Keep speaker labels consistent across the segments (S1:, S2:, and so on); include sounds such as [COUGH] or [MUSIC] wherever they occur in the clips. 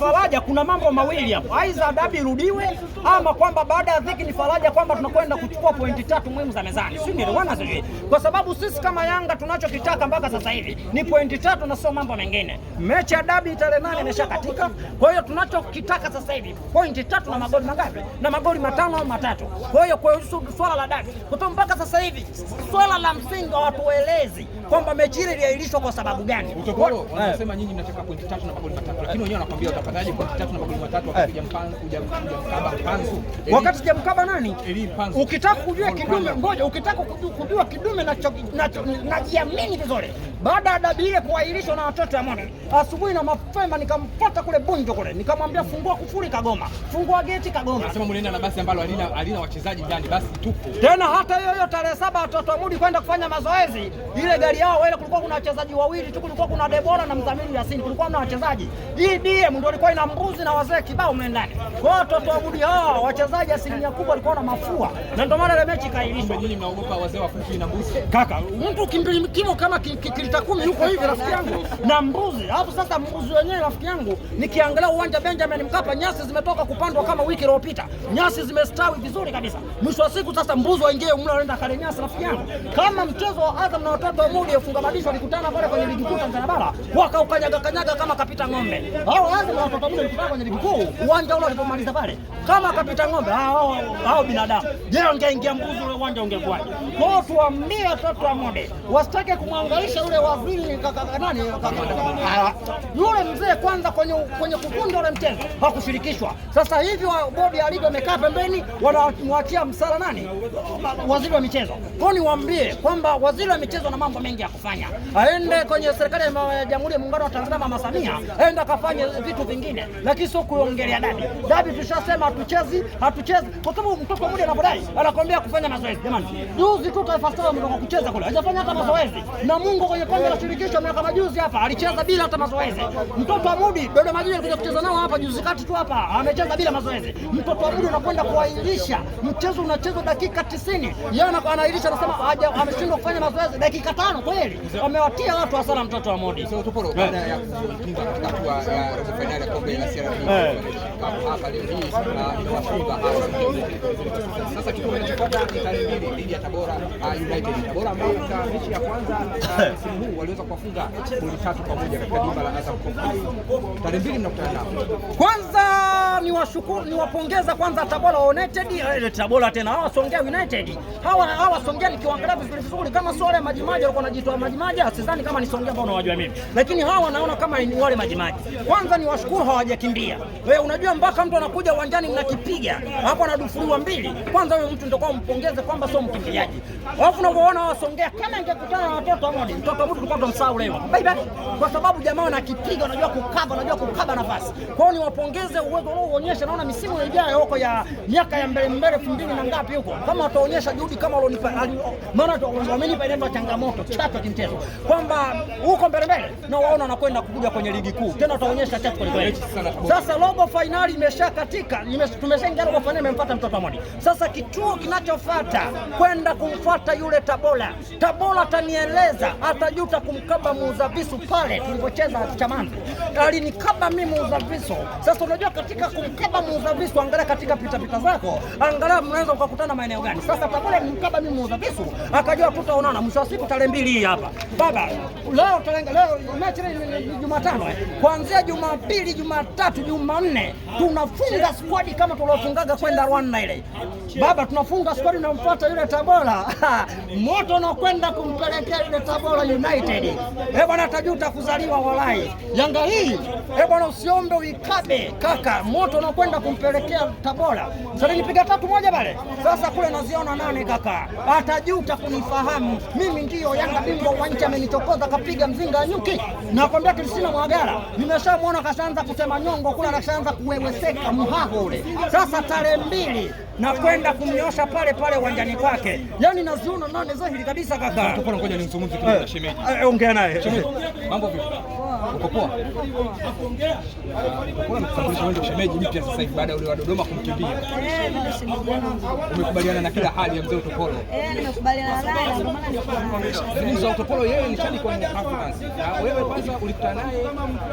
S1: faraja, kuna mambo mawili hapo, aidha adabu irudiwe ama kwamba baada ya dhiki ni faraja, kwamba tunakwenda kuchukua pointi tatu muhimu za mezani, si ndio bwana? Kwa sababu sisi kama Yanga tunachokitaka mpaka sasa hivi ni pointi tatu na sio mambo mengine. Mechi ya dabi tarehe nane imeshakatika, kwa hiyo tunachokitaka sasa hivi pointi tatu na magoli mangapi? Na magoli matano au matatu. Kwa hiyo kwa swala la dabi, kwa mpaka sasa hivi swala la msingi watuelezi kwamba mechi ile iliahirishwa kwa sababu gani.
S2: Utopolo wanasema nyinyi mnataka pointi tatu na magoli matatu, lakini wenyewe wanakuambia utapataje pointi tatu na magoli matatu wakati eh. Mpanzu wakati ja mkaba nani?
S1: Ukitaka kujua kidume, ngoja, ukitaka kujua kidume najiamini vizuri baada ya dabi ile kuahirishwa na watoto ya mwana, asubuhi na mapema nikampata kule Bunjo kule, nikamwambia fungua kufuri Kagoma, fungua geti Kagoma.
S2: Nasema mnaenda na basi ambalo halina halina wachezaji ndani, basi tupo
S1: tena. Hata hiyo hiyo tarehe saba watoto amudi kwenda kufanya mazoezi, ile gari yao ile, kulikuwa kuna wachezaji wawili tu, kulikuwa kuna Debora na mdhamini Yasini, kulikuwa na wachezaji hii DM ndio ilikuwa ina mbuzi na wazee kibao mle ndani. Kwa watoto amudi hao wachezaji asilimia kubwa walikuwa na mafua, na ndio maana ile mechi ikaahirishwa.
S2: Nyinyi mnaogopa wazee wa wafupi na mbuzi?
S1: Kaka, mtu kimkimo kama ki, takumi yuko hivi rafiki yangu na mbuzi. hapo. sasa mbuzi wenyewe rafiki yangu, nikiangalia uwanja Benjamin Mkapa, nyasi zimetoka kupandwa kama wiki iliyopita, nyasi zimestawi vizuri kabisa. Mwisho wa siku sasa mbuzi waingie mle, wanaenda kale nyasi rafiki yangu, kama mchezo wa Azam na watoto wa Mudi ufungamanishwa, walikutana pale kwenye ligi kuu Tanzania bara, wakaukanyaga kanyaga kama kapita ng'ombe. Hao Azam na watoto wa Mudi walikutana kwenye ligi kuu, uwanja ule walipomaliza pale kama kapita ng'ombe. Hao hao binadamu, je, ungeingia mbuzi ule uwanja ungekuwaje? Kwa hiyo tuambie watoto wa Mudi wasitake kumwangalisha ule wafili kaka nani yule mzee kwanza kwenye kwenye kuvunja ule mchezo hakushirikishwa. Sasa hivi bodi alivyo amekaa pembeni, wanamwachia msala nani waziri wa michezo. Kwa ni waambie kwamba waziri wa michezo na mambo mengi ya kufanya, aende kwenye serikali ya Jamhuri ya Muungano wa Tanzania, mama Samia, aende akafanye vitu vingine, lakini sio kuongelea dabi. Dabi tushasema hatuchezi, hatuchezi kwa sababu mtoto mmoja anapodai anakwambia kufanya mazoezi. Jamani, juzi tu kafasara mtoka kucheza kule hajafanya hata mazoezi na Mungu kwenye kombe la shirikisho miaka majuzi hapa alicheza bila hata mazoezi. Mtoto wa Mudi Dodo Majini alikuja kucheza nao hapa juzi kati tu hapa, amecheza bila mazoezi. Mtoto wa Mudi unakwenda kuahirisha mchezo, unachezwa dakika 90, yeye anaahirisha, anasema haja ameshindwa kufanya mazoezi dakika tano. Kweli wamewatia watu hasara, mtoto wa Mudi.
S2: Sasa eh. kikosi cha Tabora United, Tabora mechi ya kwanza [COUGHS] huu waliweza kuwafunga goli tatu kwa moja katika dimba la Azam Complex. Tarehe mbili mnakutana nao kwanza niwashukuru niwapongeza kwanza Tabora United, ile Tabora tena hawa Songea United. Hawa hawa Songea nikiangalia vizuri vizuri kama sio wale maji maji walikuwa wanajitoa maji maji, sidhani kama ni Songea ambao unawajua mimi. Lakini hawa naona kama ni wale maji maji. Kwanza niwashukuru hawajakimbia. Wewe unajua mpaka mtu anakuja uwanjani mnakipiga. Hapo anadufuriwa mbili. Kwanza wewe mtu ndio mpongeze kwamba sio mkimbiaji. Alafu unaoona hawa Songea kama ingekutana na watoto wa Modi, mtoto mtu tulikuwa tunamsahau leo. Bye bye. Kwa sababu jamaa anakipiga, unajua kukaba, unajua kukaba nafasi. Kwa hiyo niwapongeze uwezo kuonyesha, naona misimu ijayo huko ya miaka ya mbele mbele elfu mbili na ngapi huko, kama wataonyesha juhudi kama walionipa, maana wamenipa neno changamoto chato kimchezo kwamba huko mbele mbele na waona wanakwenda kukuja kwenye ligi kuu tena, wataonyesha chato kwa kweli. Sasa robo finali imesha katika, tumeshaingia robo finali, imempata mtoto mmoja. Sasa kituo kinachofuata kwenda kumfuata yule Tabora. Tabora atanieleza, atajuta kumkaba muuza visu pale tulipocheza Chamanzi, alinikaba mimi muuza visu. Sasa unajua katika kumkaba muuza visu, angalia katika pitapita zako, angalia mnaweza ukakutana maeneo gani. Sasa takule mkaba mimi muuza visu, akajua tutaonana mwisho wa siku tarehe mbili hii hapa baba. Leo tarehe leo mechi ni Jumatano, eh. kuanzia Jumapili, Jumatatu, Jumanne tunafunga squad kama tulofungaga kwenda Rwanda ile baba, tunafunga squad unamfuata yule Tabora [LAUGHS] moto na unakwenda kumpelekea yule Tabora United. Eh bwana, tajuta kuzaliwa walai Yanga hii. Eh bwana, usiombe uikabe kaka moto unakwenda kumpelekea Tabora. Sasa nilipiga tatu moja pale, sasa kule naziona nane kaka, hata juu takunifahamu mimi, ndiyo Yanga bingwa wa nchi, amenichokoza kapiga mzinga ya nyuki, nakwambia Kristina Mwagara nimeshamwona, kashaanza kusema nyongo kule, anashaanza kuweweseka mhaho ule. Sasa tarehe mbili na kwenda kumnyosha pale pale uwanjani kwake, yani naziona nane zahiri kabisa kaka. Ngoja nimzungumze kidogo eh. na shemeji, eh, ongea naye. Mambo vipi? Uko poa? mchezaji mpya sasa hivi baada ya ule wa Dodoma kumkimbia. Umekubaliana na kila hali ya mzee Utopolo? Eh, nimekubaliana yeye ni shabiki wa Africans. Na wewe kwanza ulikutana naye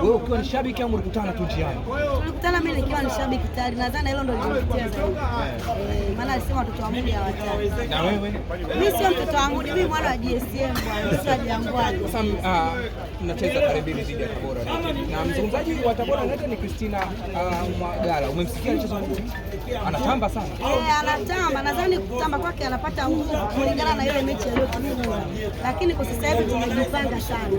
S2: wewe ukiwa ni shabiki au ulikutana tu njiani? Tulikutana mimi nikiwa ni shabiki tayari. Nadhani hilo ndio lilinitia zaidi. Eh. Eh, maana alisema watoto wa Mudi hawataki. Na wewe? Mimi sio mtoto wa Mudi, mimi mwana wa GSM bwana, sio Jangwani. Sasa ah, mnacheza karibuni dhidi ya Tabora na mzungumzaji wa Tabora anaitwa ni Christina ah, Mwagala. Umemsikia alicheza anatamba sana. Eh, anatamba. Nadhani kutamba kwake anapata nguvu kulingana na ile mechi aliyocheza. Lakini kwa sasa hivi tumejipanga sana.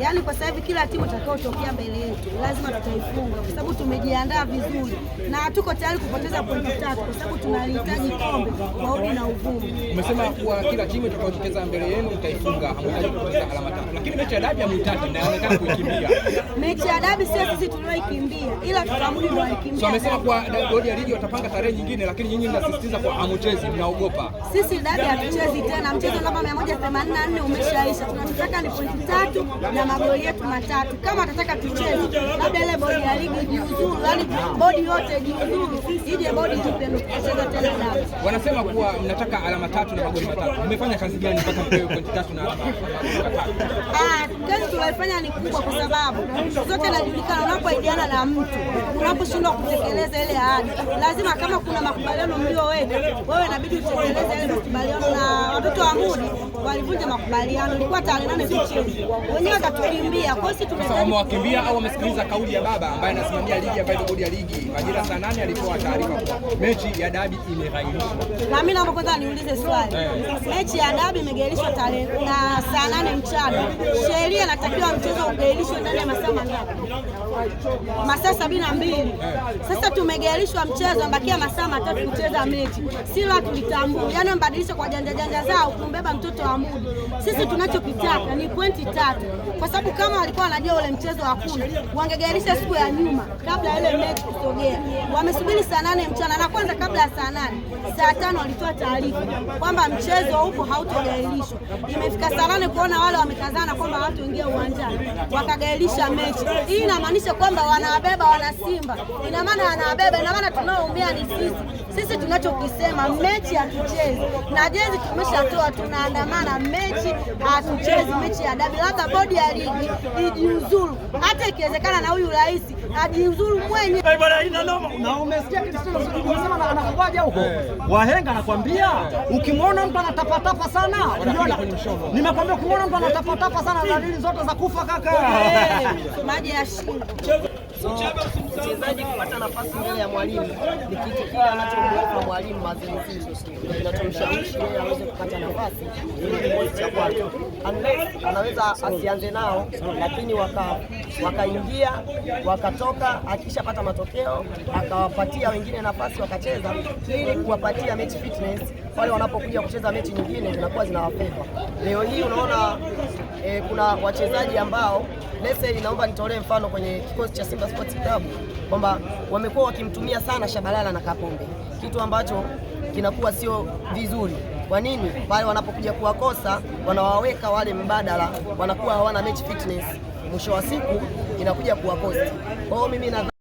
S2: Yaani kwa sasa hivi kila timu itakayotokea mbele yetu lazima tutaifunga kwa sababu tumejiandaa vizuri na tuko tayari kupoteza pointi tatu kwa sababu tunalihitaji kikombe na uvumi. Umesema kuwa kila timu itakayojitokeza mbele yenu itaifunga, hamtaki kupoteza alama tatu, lakini mechi ya dabi hamtaki na kuikimbia mechi ya dabi. Sio sisi tunaoikimbia, ila tutamudi ndio So amesema kuwa bodi ya ligi watapanga tarehe nyingine, lakini nyinyi mnasisitiza kwa hamuchezi, mnaogopa. Sisi dabi hatuchezi tena, mchezo namba 184 umeshaisha. Tunachotaka ni pointi tatu na magoli yetu matatu. Kama atataka tucheze, labda ile bodi ya ligi jiuzuru, yani bodi yote jiuzuru, ije bodi tupe kucheza tena dabi wanasema kuwa mnataka alama tatu na magoli matatu. Mmefanya kazi gani mpaka mpewe pointi tatu na alama matatu? Ah, kazi tuliofanya ni kubwa, kwa sababu zote inajulikana, unapoidiana na mtu, unaposhindwa kutekeleza ile ahadi, lazima kama kuna makubaliano mlioweka wewe, inabidi utekeleze ile makubaliano, na watoto wa Mudi walivunja makubaliano, ilikuwa tarehe nane zichini, wenyewe watatukimbia. Kwa hiyo sisi tumesema wamewakimbia au wamesikiliza kauli ya baba ambaye anasimamia ligi ambayo ndio bodi ya ligi, majira saa nane alipoa taarifa mechi ya dabi imeghairishwa. Na mimi naomba kwanza niulize swali, eh. mechi ya dabi imegairishwa tarehe na saa nane mchana, sheria inatakiwa mchezo ambayo ugailishwe ndani ya masaa mangapi? Masaa sabini na mbili. Sasa tumegailishwa mchezo, abakia masaa matatu kucheza mechi. Sila tulitambua, yaani wamebadilisha kwa janja janja zao kumbeba mtoto wa Mudi. Sisi tunachokitaka ni pointi tatu, kwa sababu kama walikuwa wanajua ule mchezo wa kule wangegailisha siku ya nyuma, kabla ile mechi kusogea. Wamesubiri saa nane mchana, na kwanza kabla ya saa nane, saa tano walitoa taarifa kwamba mchezo upo hautogailishwa. Imefika saa nane kuona wale wamekazana kwamba watu wengie uwanjani wakagailisha mechi hii. Inamaanisha kwamba wanawabeba wana Simba, ina maana wanawabeba, ina maana tunaoumia ni sisi. Sisi tunachokisema mechi hatuchezi, na jezi tumeshatoa, tunaandamana. Mechi hatuchezi, mechi ya dabi. Hata bodi ya ligi ijiuzuru, hata ikiwezekana na huyu rais ajiuzuru mwenye. Na umesikia kitu anakuwaje huko, eh. wahenga nakwambia ukimwona mtu anatapatapa sana, nimekwambia ukimwona mtu anatapatapa sana, dalili zote za kufa kaka maji ya shingo. Mchezaji kupata nafasi mbele ya mwalimu ni kitu kile anachomweka mwalimu mazinzi, kinachomshawishi yeye aweze kupata nafasi ili cha kwake, anaweza asianze nao, lakini wakaingia waka wakatoka, akishapata matokeo akawapatia wengine nafasi wakacheza, ili kuwapatia match fitness pale wanapokuja kucheza mechi nyingine zinakuwa zinawapepa Leo hii unaona e, kuna wachezaji ambao lese, naomba nitolee mfano kwenye kikosi cha Simba Sports Club kwamba wamekuwa wakimtumia sana Shabalala na Kapombe, kitu ambacho kinakuwa sio vizuri. Kwa nini? Pale wanapokuja kuwakosa wanawaweka wale mbadala, wanakuwa hawana match fitness, mwisho wa siku inakuja kuwakosti kwao mimi na